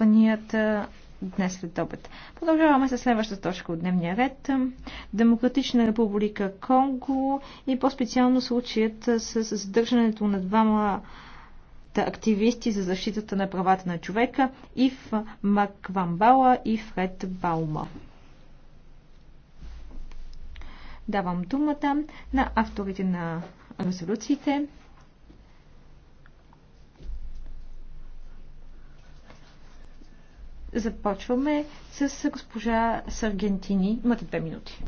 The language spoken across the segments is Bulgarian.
очакванията днес след обед. Продължаваме с следващата точка от дневния ред. Демократична република Конго и по-специално случаят с задържането на двама активисти за защитата на правата на човека Ив Маквамбала и Фред Баума. Давам думата на авторите на резолюциите. Започваме с госпожа Саргентини. Имате две минути.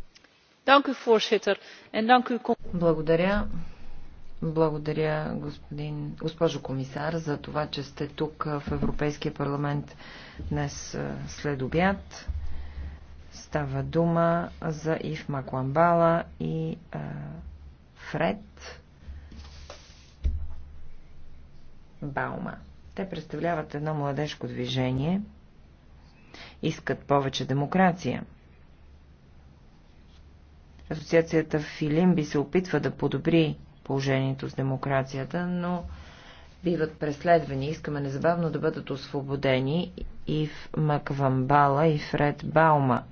Благодаря. Благодаря, господин, госпожо комисар, за това, че сте тук в Европейския парламент днес след обяд. Става дума за Ив Макуамбала и а, Фред Баума. Те представляват едно младежко движение – искат повече демокрация. Асоциацията Филимби се опитва да подобри положението с демокрацията, но биват преследвани. Искаме незабавно да бъдат освободени и в Маквамбала, и Фред Баума,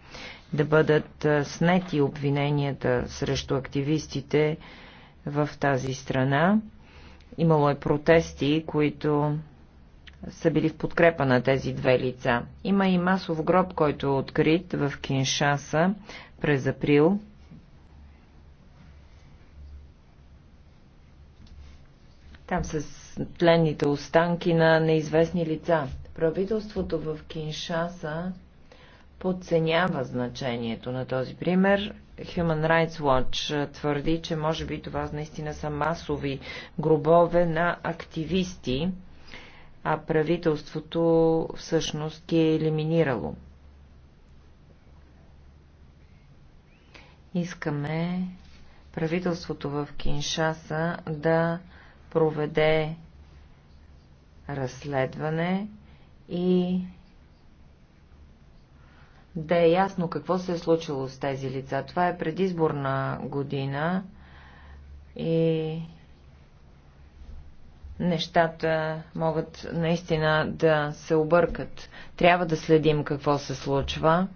да бъдат снети обвиненията срещу активистите в тази страна. Имало е протести, които са били в подкрепа на тези две лица. Има и масов гроб, който е открит в Киншаса през април. Там са тленните останки на неизвестни лица. Правителството в Киншаса подценява значението на този пример. Human Rights Watch твърди, че може би това наистина са масови гробове на активисти, а правителството всъщност ги е елиминирало. Искаме правителството в Киншаса да проведе разследване и да е ясно какво се е случило с тези лица. Това е предизборна година и нещата могат наистина да се объркат. Трябва да следим какво се случва.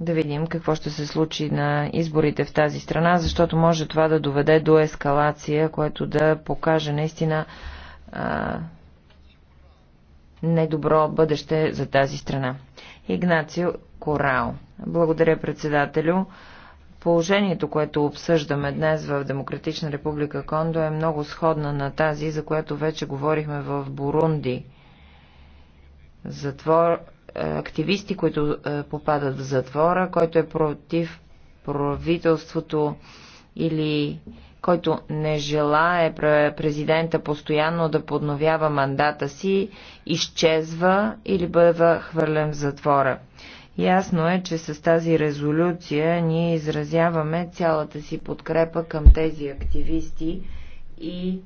Да видим какво ще се случи на изборите в тази страна, защото може това да доведе до ескалация, което да покаже наистина а, недобро бъдеще за тази страна. Игнацио Корао, Благодаря, председателю. Положението, което обсъждаме днес в Демократична република Кондо е много сходна на тази, за която вече говорихме в Бурунди. Затвор, е, активисти, които е, попадат в затвора, който е против правителството или който не желае президента постоянно да подновява мандата си, изчезва или бъде хвърлен в затвора. Ясно е, че с тази резолюция ние изразяваме цялата си подкрепа към тези активисти и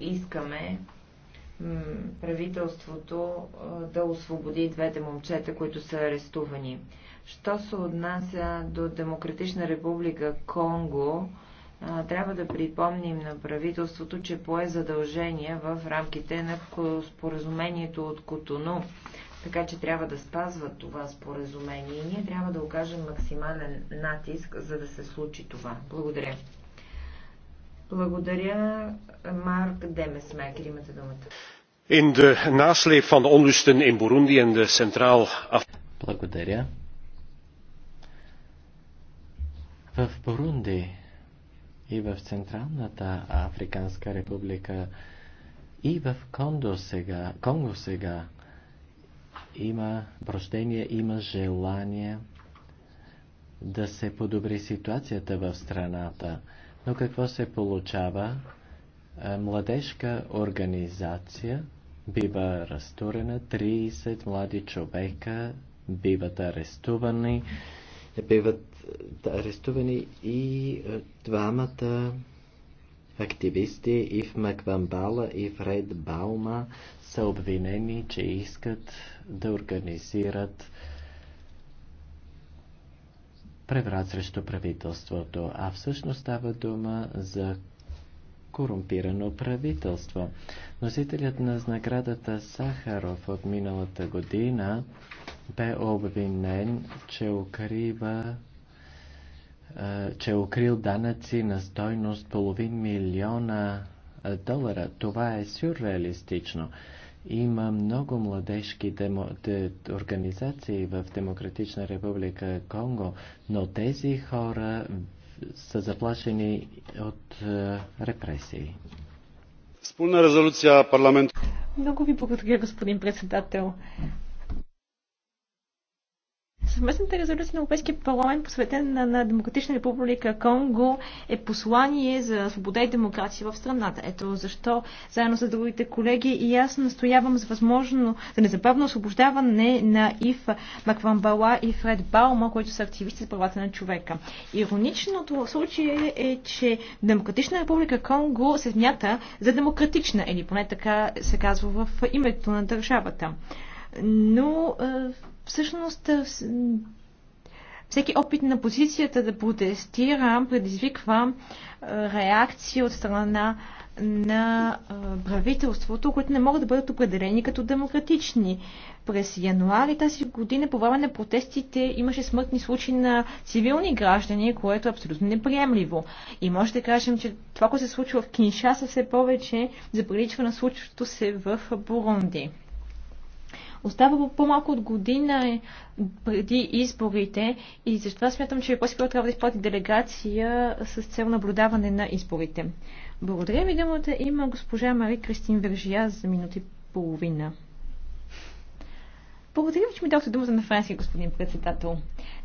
искаме правителството да освободи двете момчета, които са арестувани. Що се отнася до Демократична република Конго, трябва да припомним на правителството, че пое задължения в рамките на споразумението от Котону. Така че трябва да спазва това споразумение и ние трябва да окажем максимален натиск, за да се случи това. Благодаря. Благодаря, Марк Демесмекер. Имате думата. In de nasleep van de onlusten in Burundi en de Centraal Благодаря. В Бурунди и в Централната Африканска република, и в Конго сега, Конго сега има прощение, има желание да се подобри ситуацията в страната. Но какво се получава? Е, младежка организация бива разтурена, 30 млади човека биват арестувани, биват да, е, арестувани и е, двамата активисти и в Маквамбала и в Ред Баума са обвинени, че искат да организират преврат срещу правителството, а всъщност става дума за корумпирано правителство. Носителят на наградата Сахаров от миналата година бе обвинен, че укрива е, че е укрил данъци на стойност половин милиона е, долара. Това е сюрреалистично. Има много младежки демо, де, организации в Демократична република Конго, но тези хора са заплашени от е, репресии. Спълна резолюция парламент. Много ви благодаря, господин председател. Съвместната резолюция на Европейския парламент, посветен на, на Демократична република Конго, е послание за свобода и демокрация в страната. Ето защо, заедно с другите колеги, и аз настоявам за възможно, за незабавно освобождаване на Ив Макванбала и Фред Баума, които са активисти за правата на човека. Ироничното в случая е, че Демократична република Конго се смята за демократична, или поне така се казва в името на държавата но всъщност всеки опит на позицията да протестира предизвиква реакция от страна на правителството, които не могат да бъдат определени като демократични. През януари тази година по време на протестите имаше смъртни случаи на цивилни граждани, което е абсолютно неприемливо. И може да кажем, че това, което се случва в Киншаса, все повече заприличва на случващото се в Бурунди. Остава по-малко от година преди изборите и затова смятам, че по-скоро трябва да изплати делегация с цел наблюдаване на изборите. Благодаря ви, думата има госпожа Мари Кристин Вержия за минути половина. Благодаря ви, че ми дадохте думата на Франция, господин председател.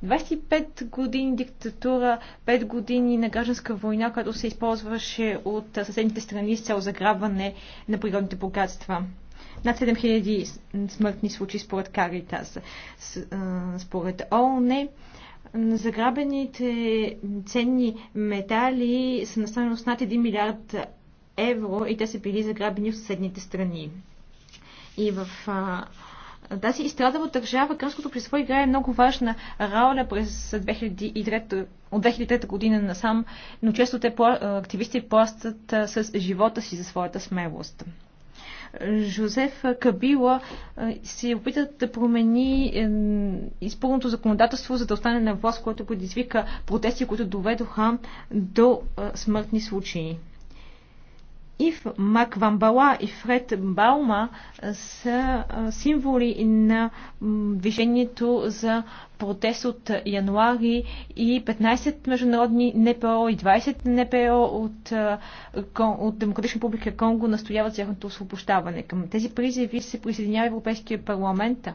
25 години диктатура, 5 години на гражданска война, която се използваше от съседните страни с цел заграбване на природните богатства над 7000 смъртни случаи според Каритас. Според ООН заграбените ценни метали са на стоеност над 1 милиард евро и те са били заграбени в съседните страни. И в тази изстрадава държава кръмското присво играе много важна роля през 2003, от 2003 година насам, но често те активисти плащат с живота си за своята смелост. Жозеф Кабила се опита да промени е, изпълното законодателство, за да остане на власт, което предизвика протести, които доведоха до смъртни случаи. Ив Маквамбала и Фред Баума са символи на движението за протест от януари и 15 международни НПО и 20 НПО от, от Демократична публика Конго настояват за тяхното освобождаване. Към тези призиви се присъединява Европейския парламент.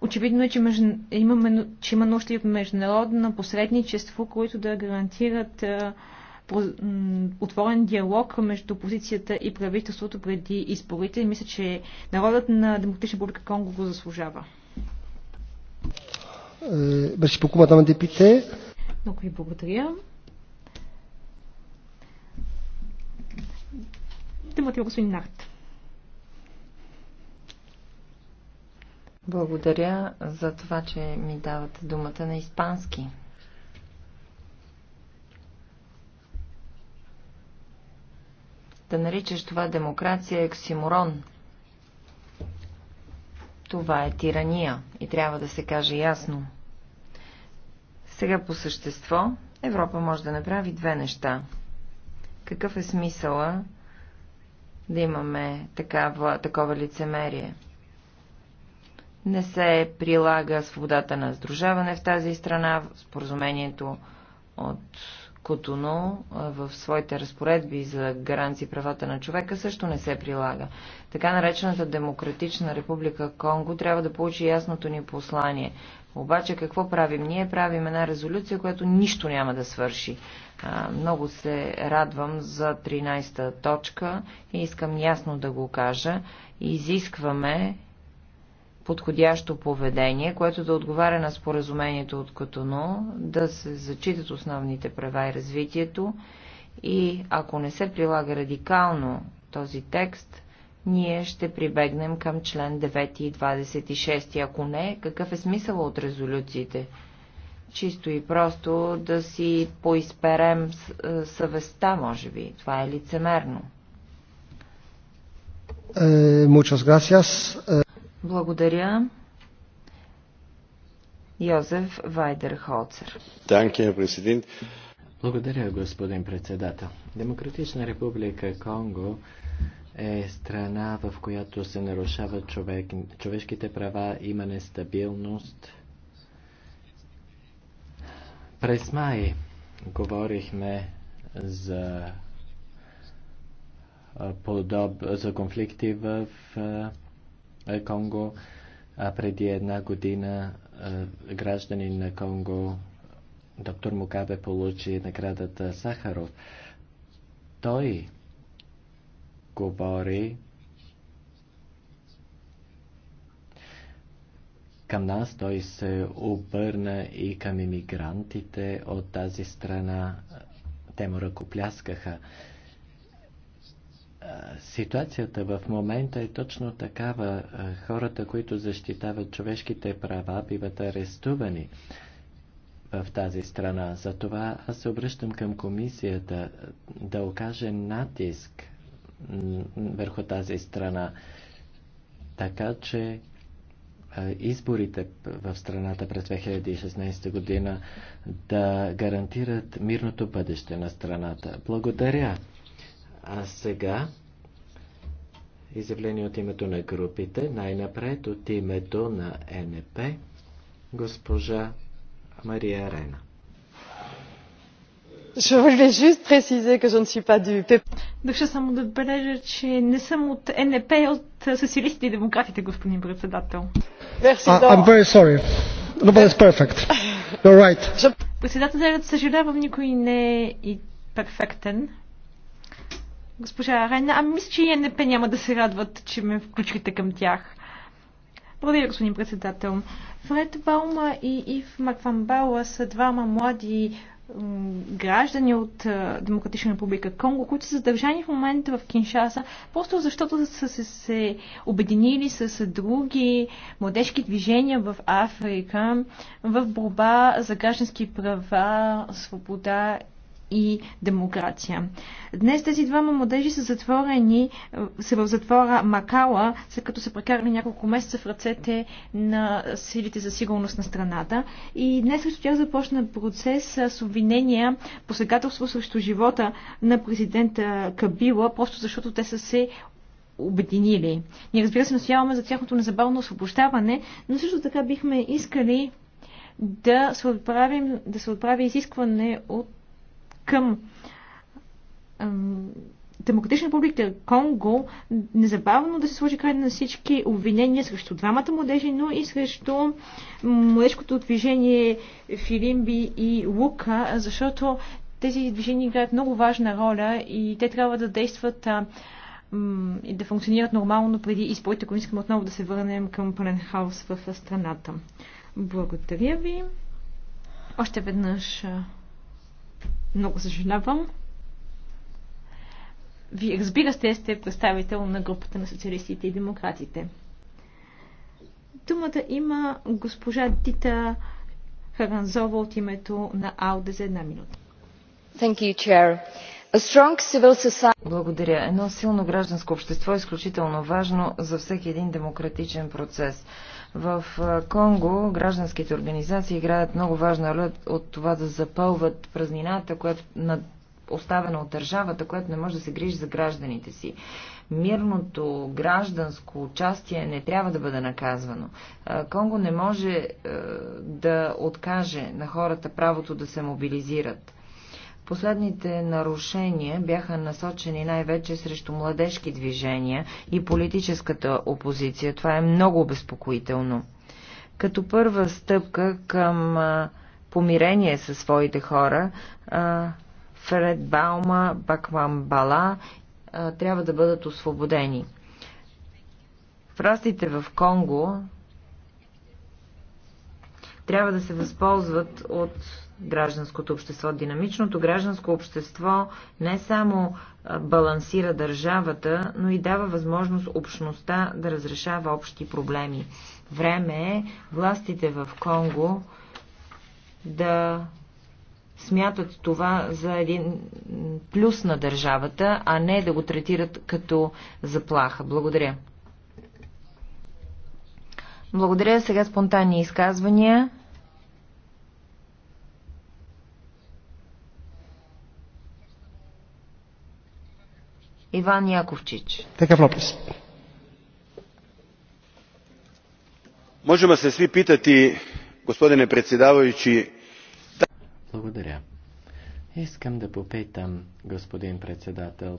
Очевидно е, че, между... имаме... че има нужда и от международно посредничество, които да гарантират а, отворен диалог между позицията и правителството преди изборите. Мисля, че народът на Демократична публика Конго го заслужава. Беше покупа на депите. Много ви благодаря. Демотива господин Нарт. Благодаря за това, че ми давате думата на испански. Да наричаш това демокрация е ксиморон. Това е тирания и трябва да се каже ясно. Сега по същество Европа може да направи две неща. Какъв е смисъла да имаме такава, такова лицемерие? Не се прилага свободата на сдружаване в тази страна, споразумението от Котоно в своите разпоредби за гаранции правата на човека също не се прилага. Така наречената Демократична република Конго трябва да получи ясното ни послание. Обаче какво правим? Ние правим една резолюция, която нищо няма да свърши. Много се радвам за 13-та точка и искам ясно да го кажа. Изискваме подходящо поведение, което да отговаря на споразумението от Катуно, да се зачитат основните права и развитието и ако не се прилага радикално този текст, ние ще прибегнем към член 9 и 26. Ако не, какъв е смисъл от резолюциите? Чисто и просто да си поисперем е, съвестта, може би. Това е лицемерно. Е, muchas gracias. Е, благодаря. Йозеф Вайдерхолцер. Благодаря, господин председател. Демократична република Конго е страна, в която се нарушават човек, човешките права, има нестабилност. През май говорихме за, подоб, за конфликти в е, Конго. А преди една година гражданин на Конго, доктор Мукабе, получи наградата Сахаров. Той говори към нас, той се обърна и към иммигрантите от тази страна. Те му ръкопляскаха. Ситуацията в момента е точно такава. Хората, които защитават човешките права, биват арестувани в тази страна. Затова аз се обръщам към комисията да окаже натиск върху тази страна, така че изборите в страната през 2016 година да гарантират мирното бъдеще на страната. Благодаря. А сега изявление от името на групите, най-напред от името на НП, госпожа Мария Рена. Je voulais juste préciser que je ne suis pas du PP. je само да отбележа, че не съм от НП, от социалистите и демократите, господин председател. Uh, I'm very sorry. Nobody's perfect. You're right. Председателят съжалявам, никой не е перфектен. Госпожа Райна, ами мисля, че и НП няма да се радват, че ме включите към тях. Благодаря, господин председател. Фред Баума и Ив Маквамбала са двама млади граждани от Демократична република Конго, които са задържани в момента в Киншаса, просто защото са се, се обединили с други младежки движения в Африка в борба за граждански права, свобода и демокрация. Днес тези двама младежи са затворени, са в затвора Макала, след като са прекарали няколко месеца в ръцете на силите за сигурност на страната. И днес срещу тях започна процес с обвинения, посегателство срещу живота на президента Кабила, просто защото те са се обединили. Ние разбира се настояваме за тяхното незабавно освобождаване, но също така бихме искали да се, да отправи изискване от към Демократична република Конго незабавно да се сложи край на всички обвинения срещу двамата младежи, но и срещу младежкото движение Филимби и Лука, защото тези движения играят много важна роля и те трябва да действат а, и да функционират нормално преди изборите, ако искаме отново да се върнем към пълен хаос в страната. Благодаря ви. Още веднъж много съжалявам. Вие, разбира се, сте представител на групата на социалистите и демократите. Думата има госпожа Дита Харанзова от името на АУДЕ за една минута. Thank you, Chair. A strong civil society благодаря. Едно силно гражданско общество е изключително важно за всеки един демократичен процес. В Конго гражданските организации играят много важна роля от това да запълват празнината, която над оставена от държавата, която не може да се грижи за гражданите си. Мирното гражданско участие не трябва да бъде наказвано. Конго не може да откаже на хората правото да се мобилизират. Последните нарушения бяха насочени най-вече срещу младежки движения и политическата опозиция. Това е много обезпокоително. Като първа стъпка към помирение със своите хора, Фред Баума, Бакман Бала трябва да бъдат освободени. Врастите в Конго трябва да се възползват от гражданското общество. Динамичното гражданско общество не само балансира държавата, но и дава възможност общността да разрешава общи проблеми. Време е властите в Конго да смятат това за един плюс на държавата, а не да го третират като заплаха. Благодаря. Благодаря. Сега спонтанни изказвания. Иван Яковчич. Така пропис. Možemo се сви питати, господине predsjedavajući... Благодаря. Искам да попитам, господин председател,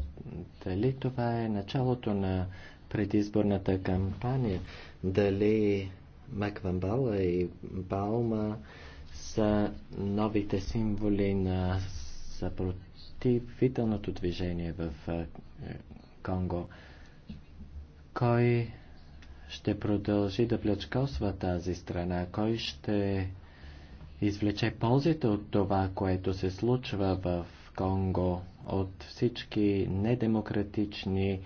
дали това е началото на предизборната кампания, дали Маквамбала и Баума са новите символи на съпротивителното движение в Конго. Кой ще продължи да плячкосва тази страна? Кой ще извлече ползите от това, което се случва в Конго, от всички недемократични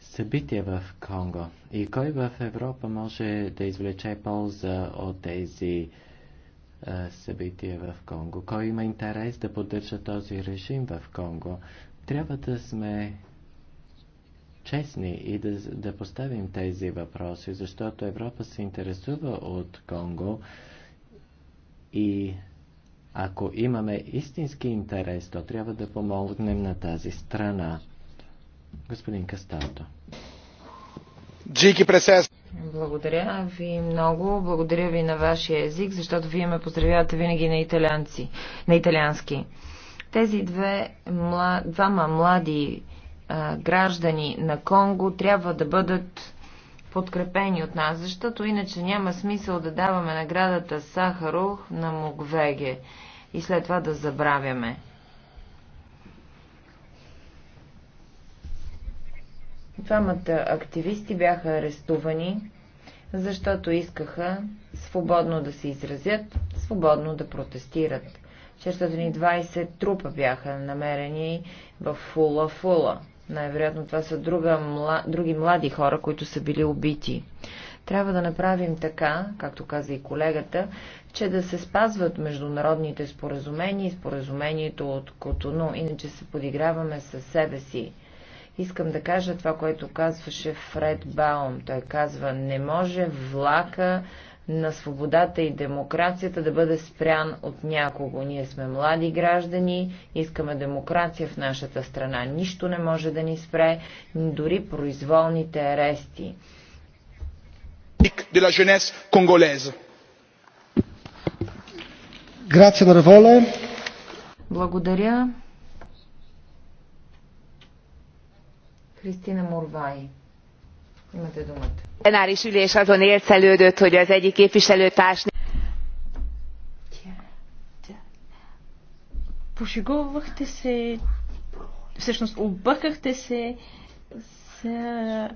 събития в Конго? И кой в Европа може да извлече полза от тези събития в Конго? Кой има интерес да поддържа този режим в Конго? Трябва да сме честни и да, да поставим тези въпроси, защото Европа се интересува от Конго и ако имаме истински интерес, то трябва да помогнем на тази страна. Господин Касталто. Джики пресес. Благодаря ви много. Благодаря ви на вашия език, защото вие ме поздравявате винаги на, италианци, на италиански. Тези две, мла, двама млади а, граждани на Конго трябва да бъдат подкрепени от нас, защото иначе няма смисъл да даваме наградата Сахарух на Мугвеге и след това да забравяме. Двамата активисти бяха арестувани, защото искаха свободно да се изразят, свободно да протестират. 420 трупа бяха намерени в Фула-Фула. Най-вероятно това са друга, мла, други млади хора, които са били убити. Трябва да направим така, както каза и колегата, че да се спазват международните споразумения и споразумението от Котону, иначе се подиграваме със себе си. Искам да кажа това, което казваше Фред Баум. Той казва, не може влака на свободата и демокрацията да бъде спрян от някого. Ние сме млади граждани, искаме демокрация в нашата страна. Нищо не може да ни спре, дори произволните арести. De la jeunesse congolaise. Grazie, Благодаря. Христина Мурвай. Имате думата. Plenáris ülés azon élcelődött, hogy az egyik képviselőtárs... Пошегувахте се, всъщност объркахте се за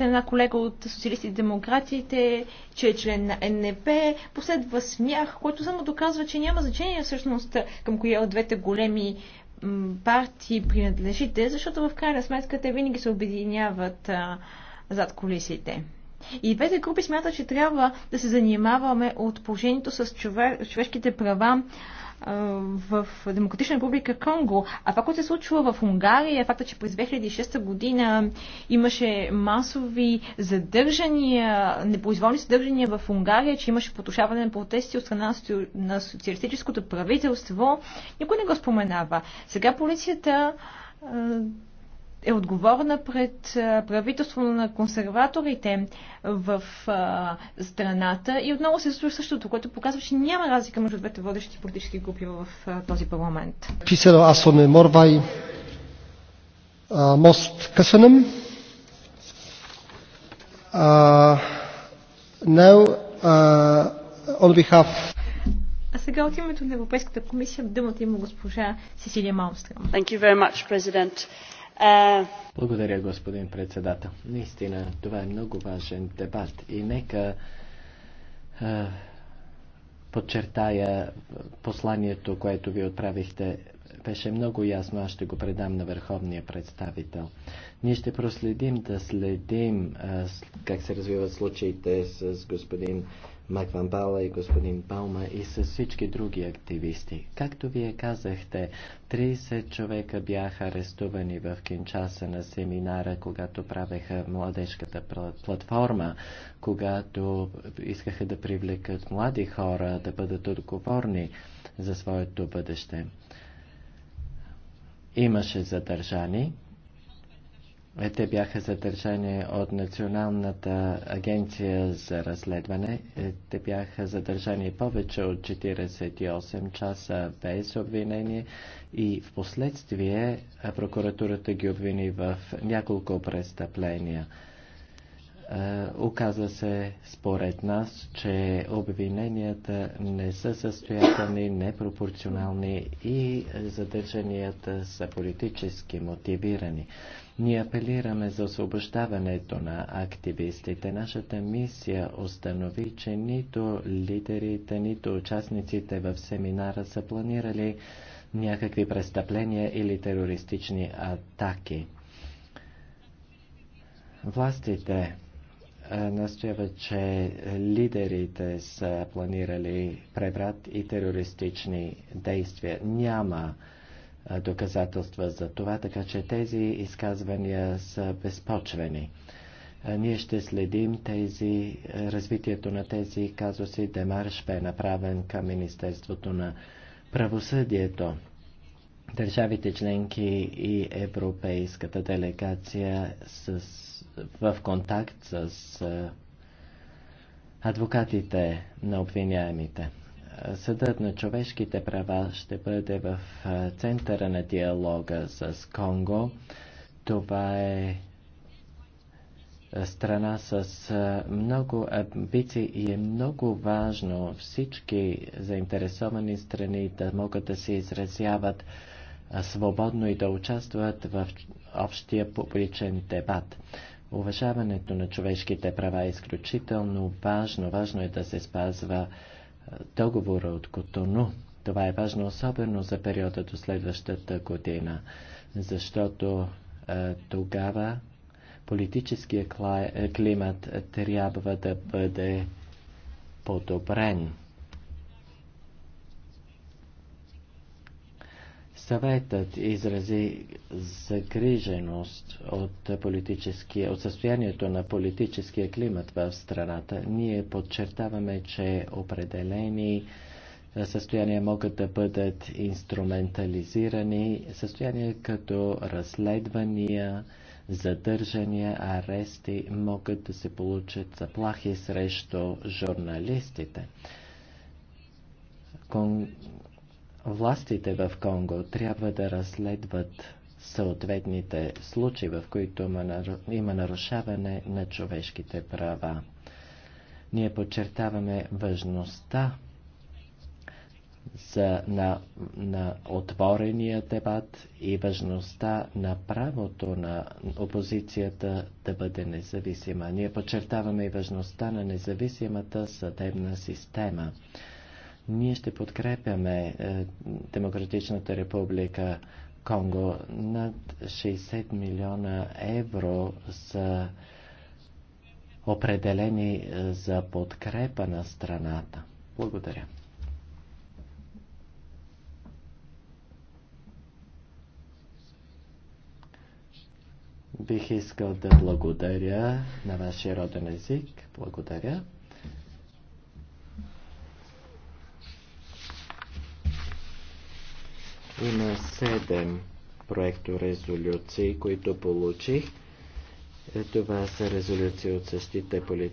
една колега от социалисти и демократите, че е член на НП, последва смях, който само доказва, че няма значение всъщност към коя от двете големи партии принадлежите, защото в крайна сметка те винаги се обединяват а, зад колисите. И двете групи смятат, че трябва да се занимаваме от положението с човешките права в Демократична република Конго. А това, което се случва в Унгария, е факта, че през 2006 година имаше масови задържания, непроизволни задържания в Унгария, че имаше потушаване на протести от страна на социалистическото правителство. Никой не го споменава. Сега полицията е отговорна пред правителство на консерваторите в страната и отново се случва същото, което показва, че няма разлика между двете водещи политически групи в този парламент. Писело Асоне Морвай, Мост Късанем. Нео, uh, on а сега от името на Европейската комисия думата има госпожа Сесилия Малмстрам. Благодаря, господин председател. Наистина, това е много важен дебат и нека а, подчертая посланието, което ви отправихте. Беше много ясно, аз ще го предам на върховния представител. Ние ще проследим да следим а, как се развиват случаите с господин Маквамбала и господин Палма и с всички други активисти. Както вие казахте, 30 човека бяха арестувани в Кинчаса на семинара, когато правеха младежката платформа, когато искаха да привлекат млади хора да бъдат отговорни за своето бъдеще. Имаше задържани, е, те бяха задържани от Националната агенция за разследване. Е, те бяха задържани повече от 48 часа без обвинение и в последствие прокуратурата ги обвини в няколко престъпления. Е, Оказва се според нас, че обвиненията не са състоятелни, непропорционални и задържанията са политически мотивирани. Ние апелираме за освобождаването на активистите. Нашата мисия установи, че нито лидерите, нито участниците в семинара са планирали някакви престъпления или терористични атаки. Властите настояват, че лидерите са планирали преврат и терористични действия. Няма доказателства за това, така че тези изказвания са безпочвени. Ние ще следим тези, развитието на тези казуси. Демарш бе направен към Министерството на правосъдието. Държавите членки и Европейската делегация с, в контакт с адвокатите на обвиняемите. Съдът на човешките права ще бъде в центъра на диалога с Конго. Това е страна с много амбиции и е много важно всички заинтересовани страни да могат да се изразяват свободно и да участват в общия публичен дебат. Уважаването на човешките права е изключително важно. Важно е да се спазва договора от Котону. Това е важно особено за периода до следващата година, защото е, тогава политическия е, климат трябва да бъде подобрен. Съветът изрази загриженост от, от състоянието на политическия климат в страната. Ние подчертаваме, че определени състояния могат да бъдат инструментализирани, състояния като разследвания, задържания, арести могат да се получат заплахи срещу журналистите. Кон... Властите в Конго трябва да разследват съответните случаи, в които има нарушаване на човешките права. Ние подчертаваме важността за, на, на отворения дебат и важността на правото на опозицията да бъде независима. Ние подчертаваме и важността на независимата съдебна система. Ние ще подкрепяме е, Демократичната република Конго над 60 милиона евро са определени е, за подкрепа на страната. Благодаря. Бих искал да благодаря на вашия роден език. Благодаря. Има седем проекторезолюции, които получих. Е, това са резолюции от същите политики.